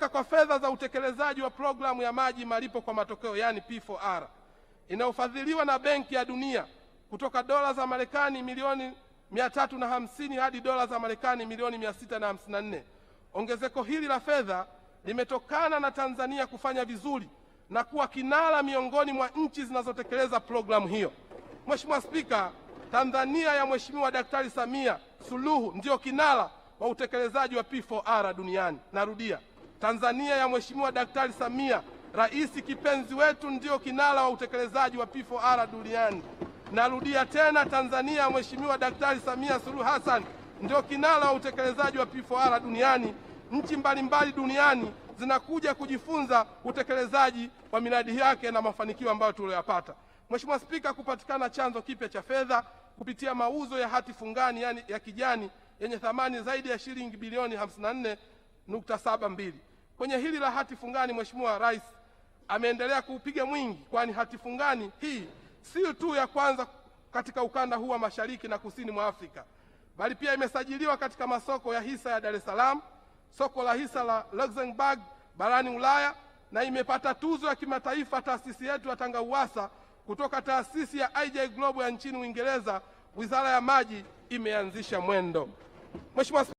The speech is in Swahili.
Kuongezeka kwa fedha za utekelezaji wa programu ya maji malipo kwa matokeo yani P4R inayofadhiliwa na Benki ya Dunia kutoka dola za Marekani milioni mia tatu na hamsini hadi dola za Marekani milioni mia sita na hamsini na nne. Ongezeko hili la fedha limetokana na Tanzania kufanya vizuri na kuwa kinara miongoni mwa nchi zinazotekeleza programu hiyo. Mheshimiwa Spika, Tanzania ya Mheshimiwa Daktari Samia Suluhu ndiyo kinara wa utekelezaji wa P4R duniani. Narudia. Tanzania ya Mheshimiwa Daktari Samia, rais kipenzi wetu, ndio kinara wa utekelezaji wa P4R duniani. Narudia tena, Tanzania ya Mheshimiwa Daktari Samia Suluhu Hassan ndio kinara wa utekelezaji wa P4R duniani. Nchi mbalimbali duniani zinakuja kujifunza utekelezaji wa miradi yake na mafanikio ambayo tuliyoyapata. Mheshimiwa Spika, kupatikana chanzo kipya cha fedha kupitia mauzo ya hati fungani yani ya kijani yenye thamani zaidi ya shilingi bilioni 54.72 Kwenye hili la hati fungani, Mheshimiwa Rais ameendelea kuupiga mwingi, kwani hati fungani hii sio tu ya kwanza katika ukanda huu wa mashariki na kusini mwa Afrika, bali pia imesajiliwa katika masoko ya hisa ya Dar es Salaam, soko la hisa la Luxembourg barani Ulaya, na imepata tuzo ya kimataifa taasisi yetu ya tangauasa kutoka taasisi ya IJ Global ya nchini Uingereza. Wizara ya Maji imeanzisha mwendo Mheshimiwa